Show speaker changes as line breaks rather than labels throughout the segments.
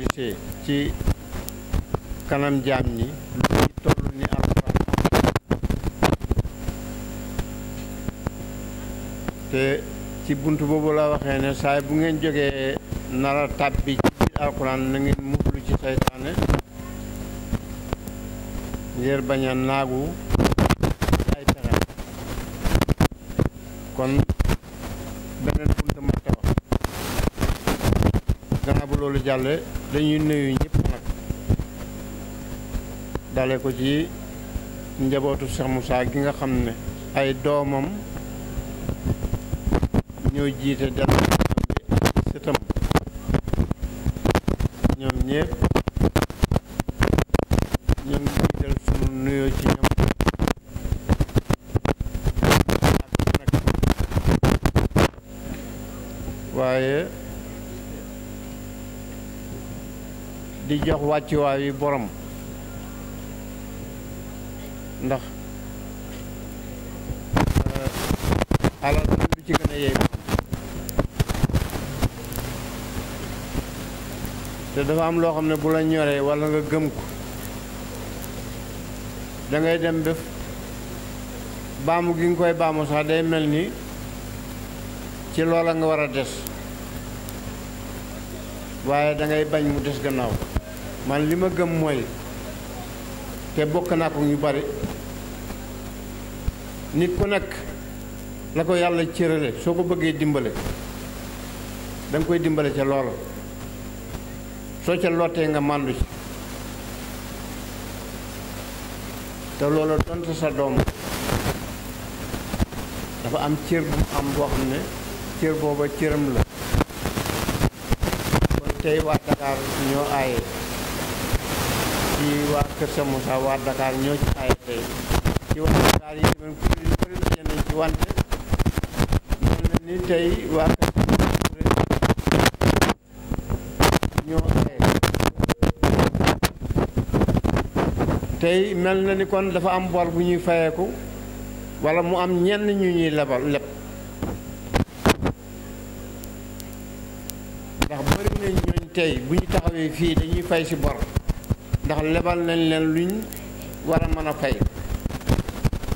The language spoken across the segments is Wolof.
publicité ci kanam jam ñi lu toll ni alxuraan te ci bunt boobu la waxee ne saay bu ngeen jógee nara tàbbi ci biir alxuraan na ngeen muslu ci saytaane ngir bañ a ay kon beneen bunt ma tawa gannaaw bu loolu dañuy nuyu ñëpp nag dale ko ci njabootu Cheikh Moussa gi nga xam ne ay doomam ñoo jiite délégation bi sëtam ñoom ñëpp wàccuwaayu borom ndax euh, alal lu ci gën a yey te dafa am loo xam ne bu la ñoree wala nga gëm ko da ngay dem def baamu gi nga koy baamu sax day mel ni ci loola nga war a des waaye da ngay bañ mu des gannaaw man li ma gëm mooy te bokk naa ko ñu bari nit ku nekk la ko yàlla cërale soo ko bëggee dimbale da koy dimbale ca loola soo ca lottee nga màndu ci te loola donte sa doom dafa am cër bu am boo xam ne cër booba cëram la kon tey waa Dakar ñoo aaye ci waa Kër tey mel na ni tey kon dafa am bor bu ñuy fayeeku wala mu am ñenn ñu ñuy lebal lépp ndax bëri nañ ñooñ tey bu ñu taxawee fii dañuy fay si bor ndax lebal nañ leen luñ war a mën a fay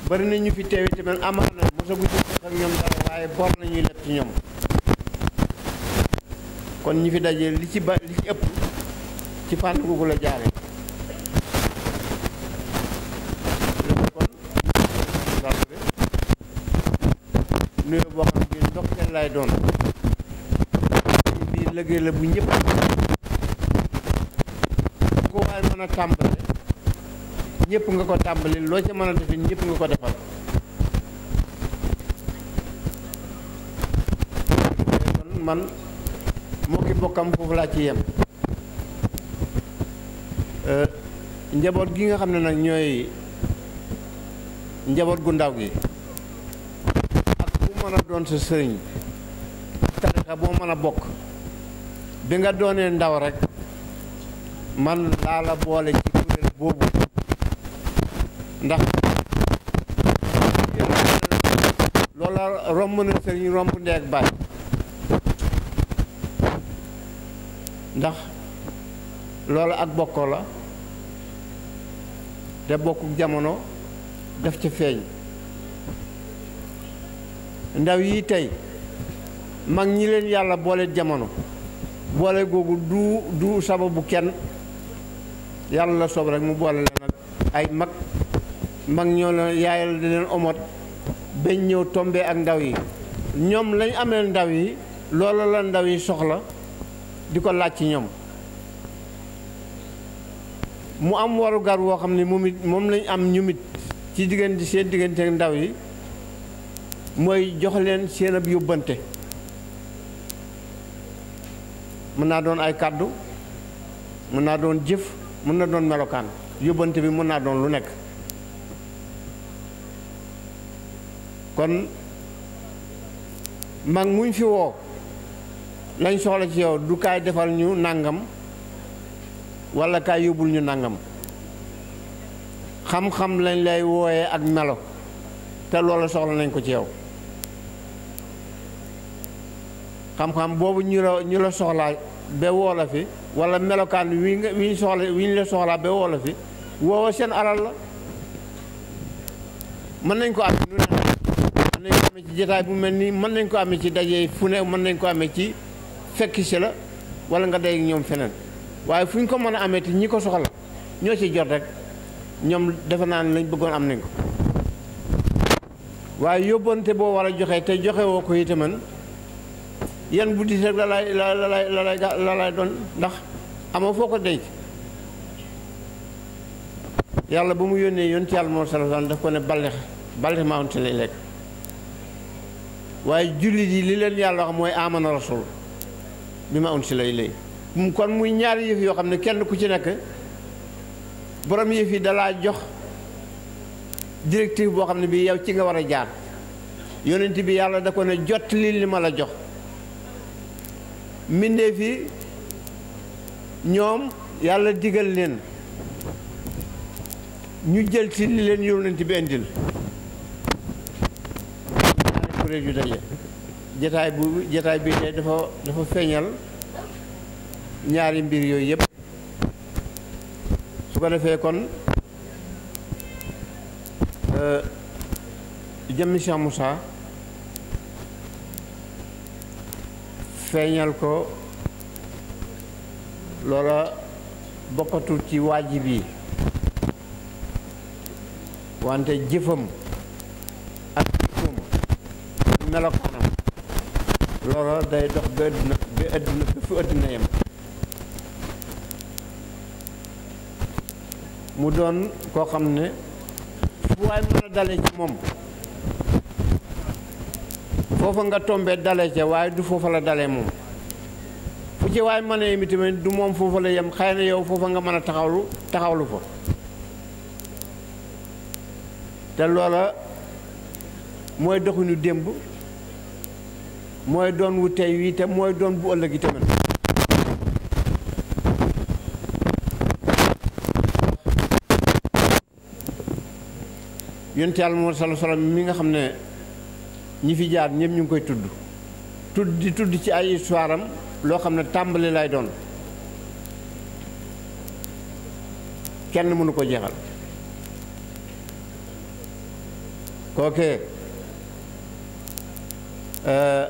bari na ñu fi teew tamit amaan na mosaguñu ak waaye bor nañuy leb ci ñoom ñi fi daje li ci ba li ci ëpp ci fànn la jaare nuyoo boo xam ne ndox lay doon biir liggéey bu ñëpp waay mën nga ko tàmbali loo ca mën a defin ñëpp nga ko defal man moo ki bokkam foofu laa ci yem euh, njaboot gi nga xam ne nag ñooy njaboot gu ndaw gi ak bu mën a doon sa sëriñ tarixa boo mën a bokk bi nga doonee ndaw rek man laa la boole ci kuréel boobu ndax loola romb na sëriñ romb ndeeg baay ndax loola ak bokkoo la te bokku jamono daf ca feeñ ndaw yi tey mag ñi leen yàlla boole jamono boole googu du du sababu kenn yalla sob rek mu boole la ay mag mag ñoo la yaayal di len omot bañ ñëw tombé ak ndaw yi ñom lañ amé ndaw yi loolu la ndaw yi soxla diko lacc ñom mu am waru gar wo xamni moom mom lañ am ñumit ci di seen diggante ak ndaw yi moy jox leen seen ab yóbbante mëna doon ay kaddu mëna doon jëf mën na doon melokaan yóbbante bi mën naa doon lu nekk kon mag muñ fi woo lañ soxla ci yow du kaay defal ñu nàngam walla kaay yóbbul ñu nàngam xam-xam lañ lay wooye ak melo te loolu soxla nañ ko ci yow xam-xam boobu ñu la ñu la soxlaa ba woo la fi wala melokaan wi nga wi ñu soxla wi ñu la soxlaa ba woo la fi seen alal la mën nañ ko am amee ci jataay bu mel nii mën nañ ko amee ci daje fu ne mën nañ ko amee ci fekk si la wala nga day ñoom feneen waaye fu ñu ko mën a amee te ñi ko soxla ñoo ci jot rek ñoom defe naa ne lañ bëggoon am nañ ko waaye yóbbante boo war a joxe te joxe woo ko itam yan bu diis nag la lay la lay la lay la doon ndax amoo foo ko denc yàlla ba mu yónnee yonent yàlla moom salaam daf ko ne ballex ballex maawante lay lekk waaye jullit yi li leen yàlla mooy amana rasul bi ma unsi lay lay kon muy ñaari yëf yoo xam ne kenn ku ci nekk borom yëf yi dalaa jox directive boo xam ne bii yow ci nga war a jaar yonent bi yàlla da ko jot lii li ma la jox mbindeef yi ñoom yàlla digal leen ñu jël ci li leen yónnent bi indil ñaari kuréel yu daje jataay bu jataay bi tey dafa dafa feeñal ñaari mbir yooyu yëpp su ko defee kon euh, jëmmi Cheikh feeñal ko loola bokkatul ci waajib yi wante jëfam ak jëfam melokaanam loola day dox ba àdduna ba àdduna ba fu àdduna mu doon koo xam ne fu waay mën a dale ci moom foofa nga tombee dale ca waaye du foofa la dale moom fu ci waaye mën a yem tamit du moom foofa la yem xëy na yow foofa nga mën a taxawlu taxawlu fa te loola mooy doxinu démb mooy doon wu tey wi te mooy doon bu ëllëg yi tamit yonent Yàlla moom sallallahu alayhi wa mi nga xam ne ñi fi jaar ñëpp ñu ngi koy tudd tudd di tudd ci ay histoire loo xam ne tàmbali lay doon kenn mënu ko jeexal kooke euh,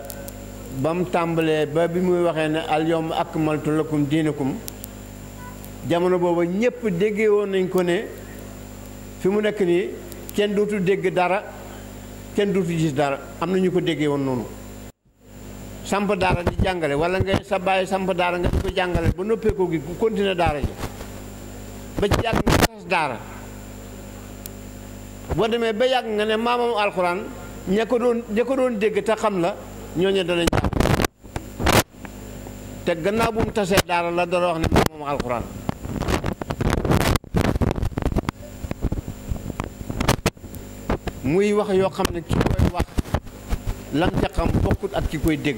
ba mu tàmbalee ba bi muy waxee ne al yawma akmaltu lakum diinakum jamono booba ñépp déggee woon nañ ko ne fi mu nekk nii kenn dootu dégg dara kenn dootu gis dara am na ñu ko déggee woon noonu samp daara di jàngale wala nga sa bàyyi samp daara nga di ko jàngale ba noppee ko gi ku kontine daara ji ba ci yàgg nga tas boo demee ba yàgg nga ne maamam alxuraan ña ko doon ña ko doon dégg te xam la ñooñu danañ jàpp te gannaaw bu mu tasee daara la dara wax ne maamam alxuraan muy wax yoo xam ne ki koy wax lam ca xam bokkut ak ki koy dégg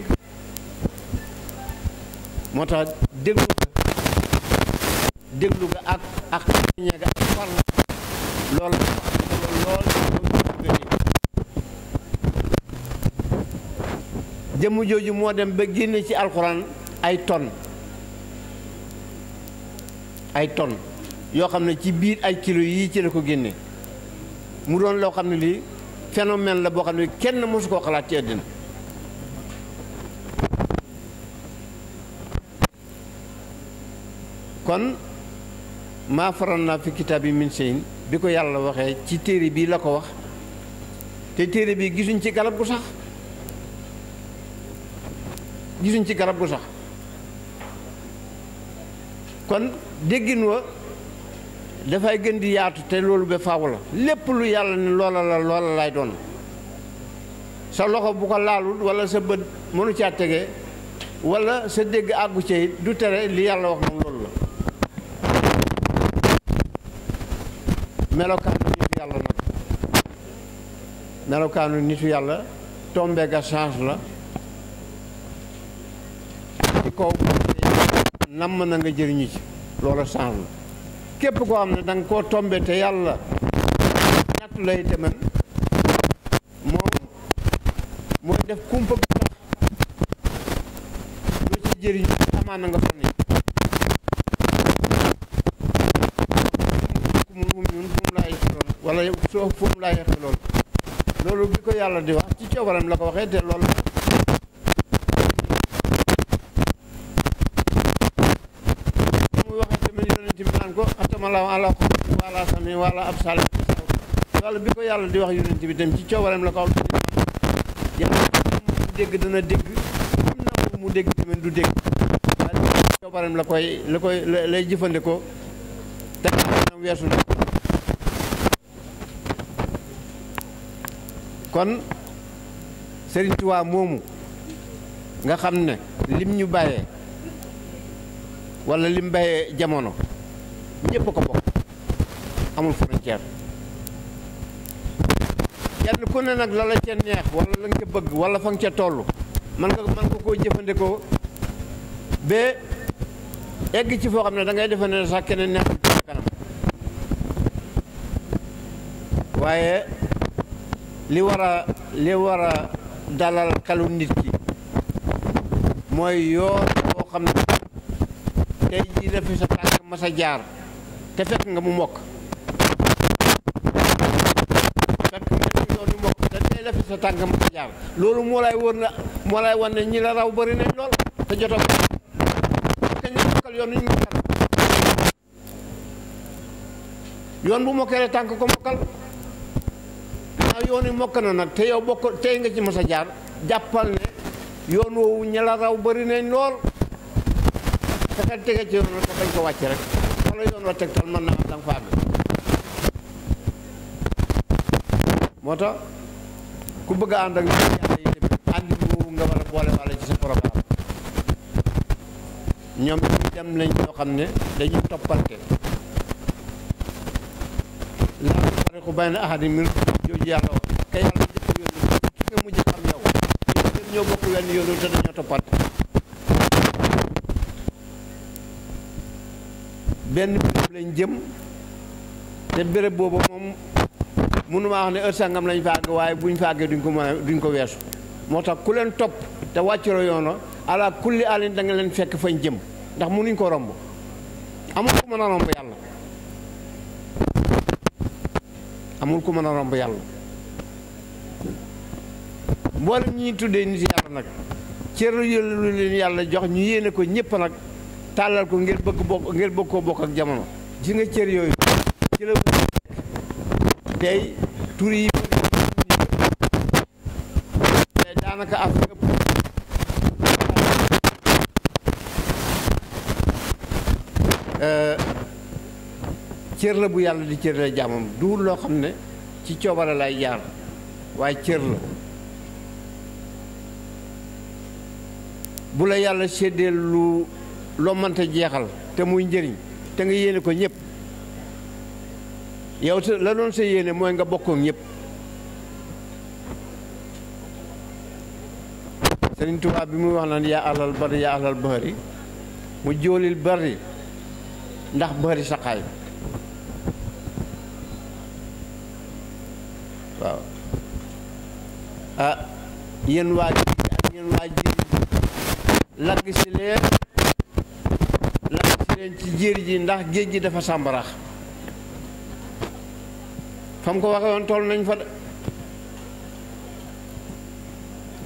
moo tax déglu ga déglu ga ak ak xariñe ga lool jëmm jooju moo dem ba génne ci alxuraan ay ton ay ton yoo xam ne ci biir ay kilo yi ci la ko génne mu doon loo xam ne lii phénomène la boo xam ne kenn mosu koo xalaat ci àddina kon maa faral naa fi kitaab yi min bi ko yàlla waxee ci téere bii la ko wax te téere bii gisuñ ci garab gu sax gisuñ ci garab gu sax kon déggin wa da fay gën di yaatu té loolu be faaw la lepp lu yalla ni loola la loola lay doon sa loxo bu ko laalul wala sa bëd mënu ci attégué wala sa dégg aggu ci du téré li yalla wax nak loolu la melokanu nitu yalla nak melokanu nitu yalla tombé ga change la ko nam na nga jëriñu ci loola change képp koo xam ne danga ko koo te yàlla nattu lay demal moom mooy def kumpa bu lu ci jëriñ amaana nga sonn mu ñun fu mu laay xeloon wala soo fu mu laay xeloon loolu bi ko yàlla di wax ci coobaram la ko waxee te loolu la ala xuluqin wa yàlla di wax ci coobareem la ko wax yàlla mu dégg dana la koy la koy lay jëfandikoo te am weesu na kon Sëriñ moomu nga xam ne lim ñu bàyyee wala lim bàyyee jamono ñepp ko bok amul frontière kenn ku ne nak la la ci neex wala la nga bëgg wala fa nga ci tollu man nga man ko koo jëfandikoo egg ci fo xamne da ngay defe ne sax keneen neex ci kanam li wara li wara dalal xelu nit ki moy yoon boo xam ne tey jii sa tak ma sa jaar te fekk nga mu mokk fekk nga yoon yu mokk te tey la fi sa tànk ma jaar loolu moo lay wër na moo lay wan ne ñi la raw bëri nañ lool te jotoo yoon ñu yoon bu mokkalee tànk ko mokkal naa yoon yi mokk na nag te yow bokk tey nga ci mas a jaar jàppal ne yoon woowu ñi raw bari nañ lool te ka tege ci yoon la te bañ ko wàcc rek la yoon wa tegtal mën naa danga fa àgg moo tax ku bëgg a ànd ak nit yàlla yi tamit àndi boobu nga war a boole wàlla ci sa programme ñoom dañuy dem lañ ñoo xam ne dañuy toppante laa tufariqu bayna ahadin min jooju yàlla wax ka yàlla jëkk yónni ki nga mujj xam yow ñoo bokk wenn yoonu te dañoo toppante benn béréb lañ jëm te béréb boobu moom mënuma wax ne heure sangam lañ fàgg waaye buñ fàggee duñ ko mën a duñ ko weesu moo tax ku leen topp te wàccuroo yoona ala kulli alin da nga leen fekk fañ jëm ndax mënuñ ko romb amul ku mën a romb yàlla amul ku mën a romb yàlla mboolem ñi tuddee nit yàlla nag cër yu leen yàlla jox ñu yéene ko ñëpp nag tàllal ko ngir bëgg bokk ngir bëgg koo bokk ak jamono ji nga cër yooyu ci la tey tur yi daanaka af ëpp euh, cër la bu yàlla di cër la jaamam duul loo xam ci coobare lay jaar waaye cër la bu la yàlla séddee lu loo mënta jeexal te muy njëriñ te nga yéene ko ñëpp yow te la doon sa yéene mooy nga bokk ak ñëpp Sëriñ bi muy wax naan yaa alal bari yaa alal bari mu joolil bari ndax bari saxaay waaw ah yéen waa ji ak waa ji lagg si leen ci jéer ji ndax géej gi dafa sàmbaraax fa mu ko waxewoon tool nañ fa de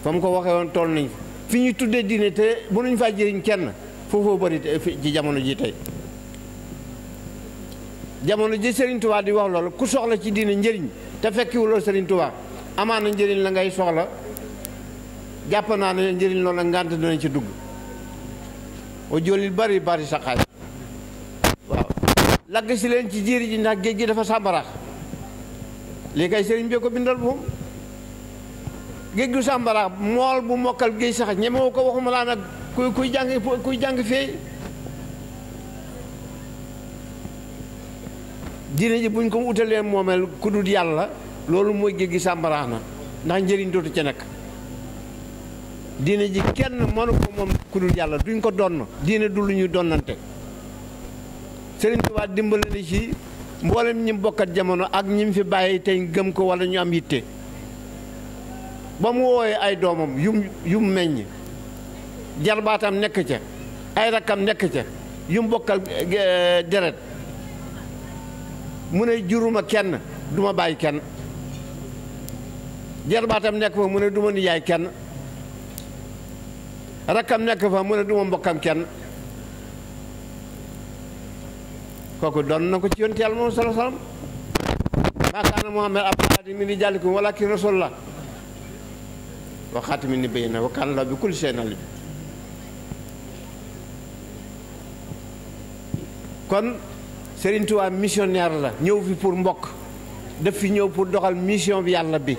fa mu ko waxe woon toll nañ fa fi ñu tuddee diine te mënuñ faa jëriñ kenn foofoo bëri ci jamono ji tey jamono ji sëriñ Touba di wax loolu ku soxla ci diine njëriñ te fekkiwuloo Serigne Touba amaana njëriñ la ngay soxla jàpp naa ne njëriñ loolu ngànt dinañ ci dugg o jolil bari bari saxaay lagg si leen ci jiir ji ndax géej gi dafa sàmbarax lii kay sëriñ bi ko bindal moom géej gu sàmbarax bu mokkal géej sax ñemewu ko waxuma laa nag kuy kuy jàng kuy jàng fee diine ji buñ ko utalee moomeel ku dul yàlla loolu mooy géej gi na ndax njëriñ dootu ca nekk diine ji kenn mënu ko moom ku dul yàlla duñ ko donn diine du lu ñuy donnante Serigne Touba dimbali na ci mboolem ñi bokkat jamono ak ñi fi bàyyi tey gëm ko wala ñu am yitte ba mu woowee ay doomam yum yum meññ jarbaatam nekk ca ay rakkam nekk ca yum bokkal eh, deret mu ne juruma kenn duma bàyyi kenn jarbaatam nekk fa mu ne duma nijaay kenn rakkam nekk fa mu ne duma mbokkam kenn kooku doon na ko ci yonti yàlla moom sala ma kana muhammad abdulaadi min jalikum walakin rasulullah wa xaatimi ni bay wa kaan la bi kulli shay'in alim kon Serigne Touba missionnaire la ñew fi pour mbok def fi ñew pour doxal mission bi yalla bi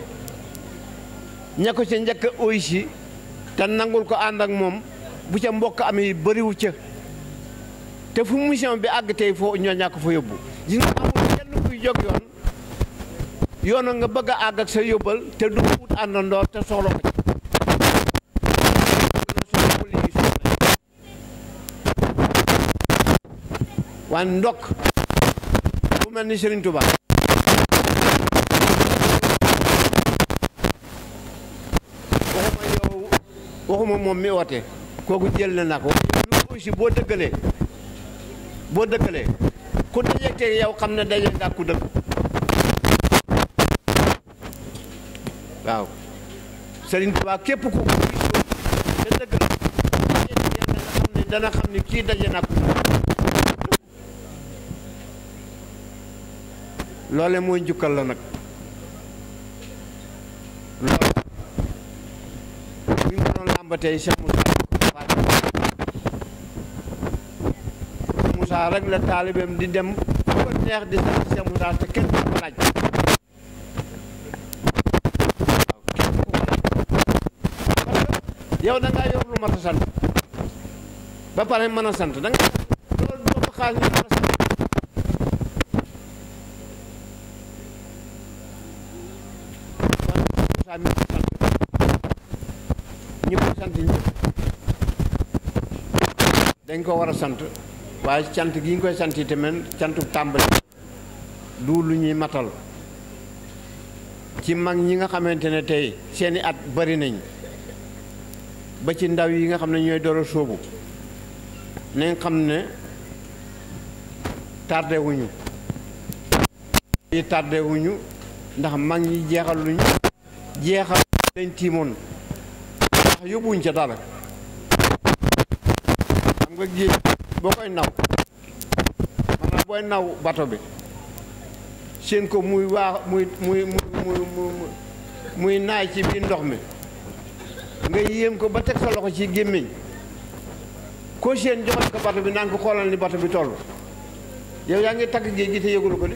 ñako ci ca oishi tan nangul ko and ak mom bu ca mbok amé bari wu ca te fu mission bi àgg tey foo ñoo ñàkk fa yóbbu gis nga amul kenn kuy jóg yoon yoon nga bëgg a àgg ak sa yóbbal te du wut àndandoor te soxla ko ci waaye ndokk bu mel ni Serigne Touba waxuma yow waxuma moom mi woote kooku jël na na ko mi aussi boo dëggalee boo dëkkalee ku dajeetee yow xam ne daje nga ku dëkk waaw Sëriñ képp ku ko te dëgg la xam ne dana xam ne kii loole mooy njukkal la nag loolu ñu ngi doon làmbatee rek la talibem di dem ko neex di sax Cheikh Moustapha te kenn ko laaj yow da nga yor lu ma tassal ba pare mën sant da nga lol do ko xal ni mën a sant ñu ko sant dañ ko war sant waaye cant gi ñu koy sant yi tamit cantu tàmbali du lu ñuy matal ci mag ñi nga xamante ne tey seeni at bari nañ ba ci ndaw yi nga xam ne ñooy door soobu sóobu nañ xam ne tardé wuñu yi tardé ndax mag ñi jeexal luñ jeexal lañ tiimoon ndax yóbbuwuñ ca dara xam nga géej boo koy naw maanaam booy naw bato bi seen ko muy waa muy muy muy muy naay ci biir ndox mi nga yéem ko ba teg sa loxo ci gémmiñ koo seen joxoñ ko bato bi naan ko xoolal ni bato bi toll yow yaa ngi tagg géej gi te yëgul ko de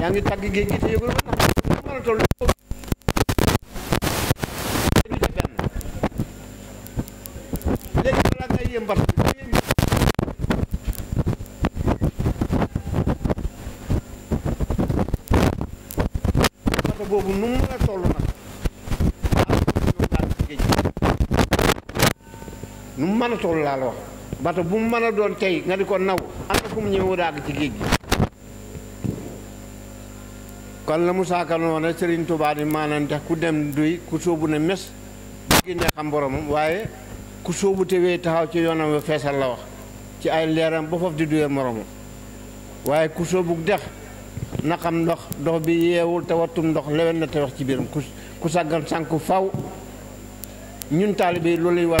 yaa ngi tagg géej gi te yëgul ko ndax daje boobu nu mu mën a toll nag nu mu mën a toll laa wax bato bu mu mën a doon tey nga di ko naw am na fu mu ñëwee daag ci géej gi kon la mu saakanoon ne Sëriñ Tuubaa di maanante ku dem duy ku sóobu ne mes bu génne xam boromam waaye ku sóobu te wéy taxaw ci yoonam wi feesal la wax ci ay leeram ba foofu di duyee moromu waaye ku sóobu dex na xam ndox ndox bi yeewul te wattum ndox lewen na te wax ci biiram ku sàggan sànku faw ñun taalibe yi loolu lay war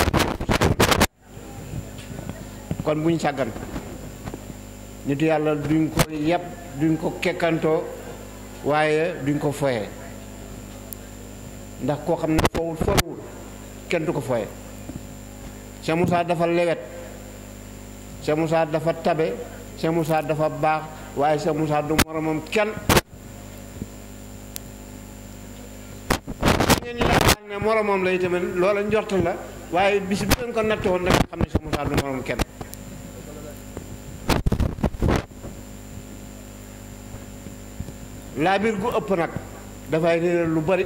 kon buñ sàggan nitu yàlla duñ ko yàpp duñ ko kekkantoo waaye duñ ko foye ndax koo xam ne foowul foowul kenn du ko foye Cheikh Moussa dafa lewet Cheikh Moussa dafa tabe sa Moussa dafa baax waaye Cheikh Moussa du moromam kenn ngeen yaakaar ne moromam njort la waaye bis bu ngeen ko natt woon rek xam laa biir gu ëpp nag dafay réeral lu bari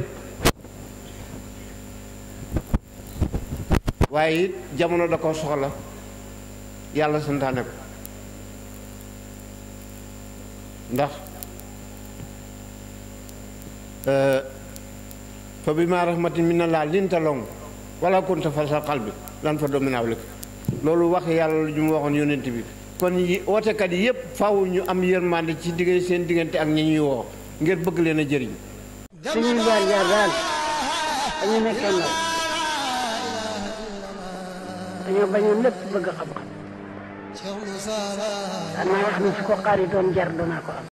waye jamono da ko soxla yalla santane ko ndax euh, fa bi rahmatin min Allah linta long wala kunta fasal qalbi lan fa jumwa min awlik loolu wax yalla lu mu yonent bi kon wote kat yep faw ñu am yermande ci digge sen digante ak ñi wo ngir bëgg leena jëriñ dañoo bañoon lépp bëgg xam-xam daan naa wax ni su ko xaaritoon jar dana ko am